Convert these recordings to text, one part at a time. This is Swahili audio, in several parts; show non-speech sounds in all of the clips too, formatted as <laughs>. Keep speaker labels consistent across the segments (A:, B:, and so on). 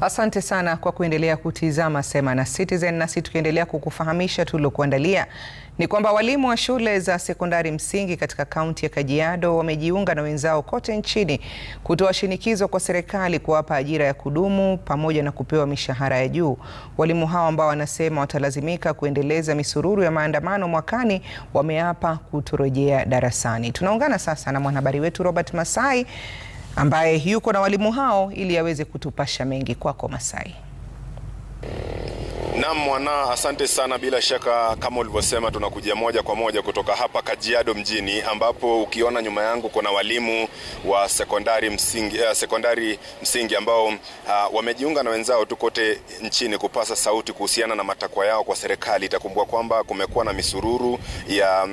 A: Asante sana kwa kuendelea kutizama Sema na Citizen, nasi tukiendelea kukufahamisha tulilokuandalia ni kwamba walimu wa shule za sekondari msingi katika kaunti ya Kajiado wamejiunga na wenzao kote nchini kutoa shinikizo kwa serikali kuwapa ajira ya kudumu pamoja na kupewa mishahara ya juu. Walimu hao ambao wanasema watalazimika kuendeleza misururu ya maandamano mwakani wameapa kutorejea darasani. Tunaungana sasa na mwanahabari wetu Robert Masai ambaye yuko na walimu hao ili aweze kutupasha mengi. Kwako Masai.
B: Naam mwana, asante sana. Bila shaka kama ulivyosema, tunakuja moja kwa moja kutoka hapa Kajiado mjini, ambapo ukiona nyuma yangu kuna walimu wa sekondari msingi, eh, sekondari msingi ambao uh, wamejiunga na wenzao tu kote nchini kupasa sauti kuhusiana na matakwa yao kwa serikali. Itakumbuka kwamba kumekuwa na misururu ya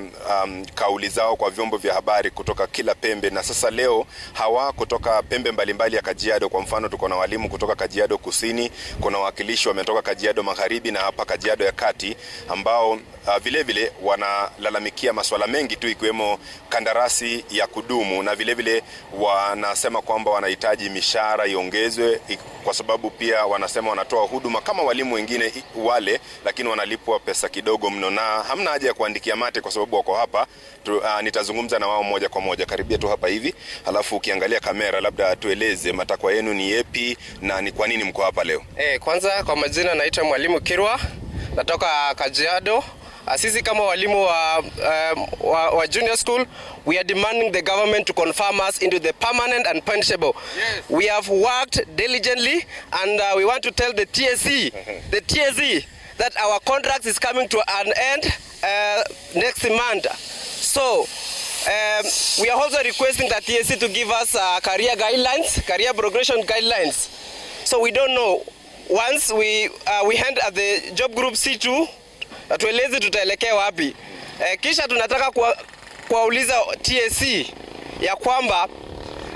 B: um, kauli zao kwa vyombo vya habari kutoka kila pembe, na sasa leo hawa kutoka pembe mbalimbali mbali ya Kajiado. Kwa mfano tuko na walimu kutoka Kajiado Kusini, kuna wawakilishi wametoka Kajiado Magharibi magharibi na hapa Kajiado ya kati ambao vilevile ah, vile wanalalamikia masuala mengi tu ikiwemo kandarasi ya kudumu na vilevile vile wanasema kwamba wanahitaji mishahara iongezwe, kwa sababu pia wanasema wanatoa huduma kama walimu wengine wale, lakini wanalipwa pesa kidogo mno, na hamna haja ya kuandikia mate kwa sababu wako hapa tu. Uh, nitazungumza na wao moja kwa moja, karibia tu hapa hivi, alafu ukiangalia kamera, labda tueleze matakwa yenu ni yepi na ni kwa nini mko hapa leo?
C: Eh, kwanza kwa majina naitwa mwalimu Kirwa, natoka Kajiado. Ah, sisi kama walimu wa, um, wa, wa junior school we are demanding the government to confirm us into the permanent and punishable. Yes. We have worked diligently and uh, we want to tell the TSE, <laughs> the TSE that our contract is coming to an end uh, next month. So um, we are also requesting the TSE to give us uh, career guidelines, career progression guidelines. So we don't know Once we, uh, we hand at the job group C2 na tueleze tutaelekea wapi. Eh, kisha tunataka kuwauliza TSC ya kwamba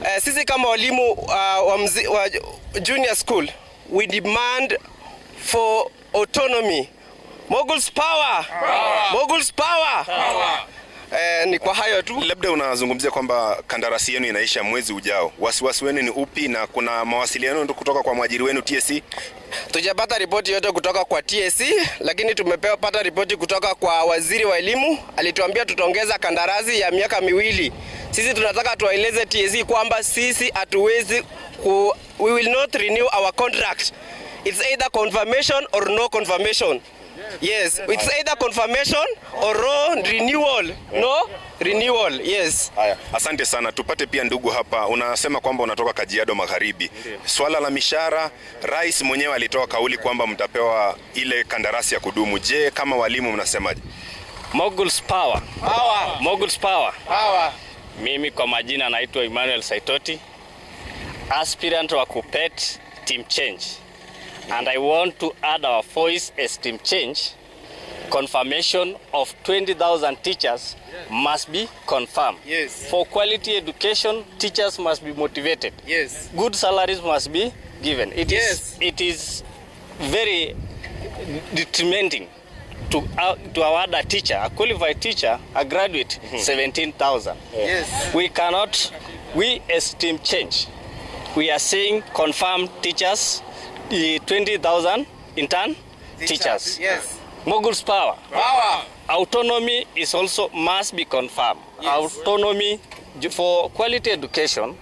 C: eh, sisi kama walimu uh, wa, mzi, wa junior school we demand for autonomy. Moguls power. Power. Moguls power.
D: power.
C: Eh, ni kwa hayo tu.
B: Labda unazungumzia kwamba kandarasi yenu inaisha mwezi ujao, wasiwasi wenu ni upi, na kuna mawasiliano kutoka kwa mwajiri wenu TSC?
C: Tujapata ripoti yote kutoka kwa TSC, lakini tumepewa pata ripoti kutoka kwa waziri wa elimu. Alituambia tutaongeza kandarasi ya miaka miwili. Sisi tunataka tuwaeleze TSC kwamba sisi hatuwezi ku, we will not renew our contract. It's either confirmation or no confirmation. Yes, yes, it's either confirmation or raw renewal. No? Renewal, yes. Haya,
B: asante sana. Tupate pia ndugu hapa, unasema kwamba unatoka Kajiado Magharibi. Swala la mishahara, rais mwenyewe alitoa kauli kwamba mtapewa ile kandarasi ya kudumu. Je, kama walimu mnasemaje?
E: Moguls power. Power. Moguls power. Power. Mimi kwa majina naitwa Emmanuel Saitoti, aspirant wa Kupet team change. and I want to add our voice esteem change. Confirmation of 20,000 teachers yes. must be confirmed. Yes. For quality education, teachers must be motivated. Yes. Good salaries must be given. It yes. Is, it is very detrimenting to, uh, to our other teacher, a qualified teacher, a graduate, mm -hmm. 17,000. Yes. We cannot, we esteem change. We are saying confirmed teachers, 20,000 intern teachers. teachers. Yes. Mogul's power. Power. Autonomy is also must be confirmed. Yes. Autonomy for quality education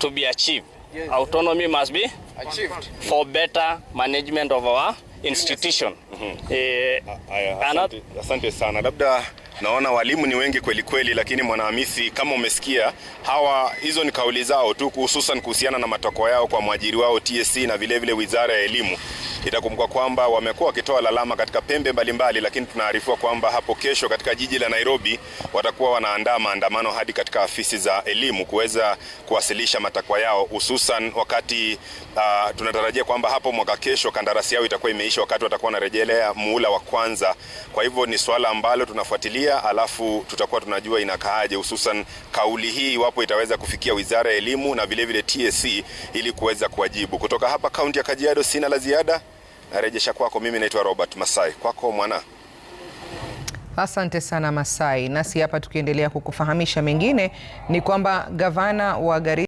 E: to be achieved. Yes. Autonomy must be achieved for better management of our institution. Yes. Mm -hmm. Uh,
B: I, I, asante, asante sana labda Naona walimu ni wengi kweli kweli, lakini Mwanahamisi, kama umesikia hawa, hizo ni kauli zao tu, hususan kuhusiana na matokeo yao kwa mwajiri wao TSC na vilevile vile wizara ya elimu itakumbuka kwamba wamekuwa wakitoa lalama katika pembe mbalimbali lakini tunaarifiwa kwamba hapo kesho katika jiji la Nairobi watakuwa wanaandaa maandamano hadi katika afisi za elimu kuweza kuwasilisha matakwa yao, hususan wakati uh, tunatarajia kwamba hapo mwaka kesho kandarasi yao itakuwa imeisha, wakati watakuwa wanarejelea muula wa kwanza. Kwa hivyo ni swala ambalo tunafuatilia, alafu tutakuwa tunajua inakaaje, hususan kauli hii iwapo itaweza kufikia wizara ya elimu na vilevile TSC e ili kuweza kuwajibu. Kutoka hapa kaunti ya Kajiado, sina la ziada. Narejesha kwako, mimi naitwa Robert Masai. Kwako mwana.
A: Asante sana Masai. Nasi hapa tukiendelea kukufahamisha mengine ni kwamba gavana wa Garissa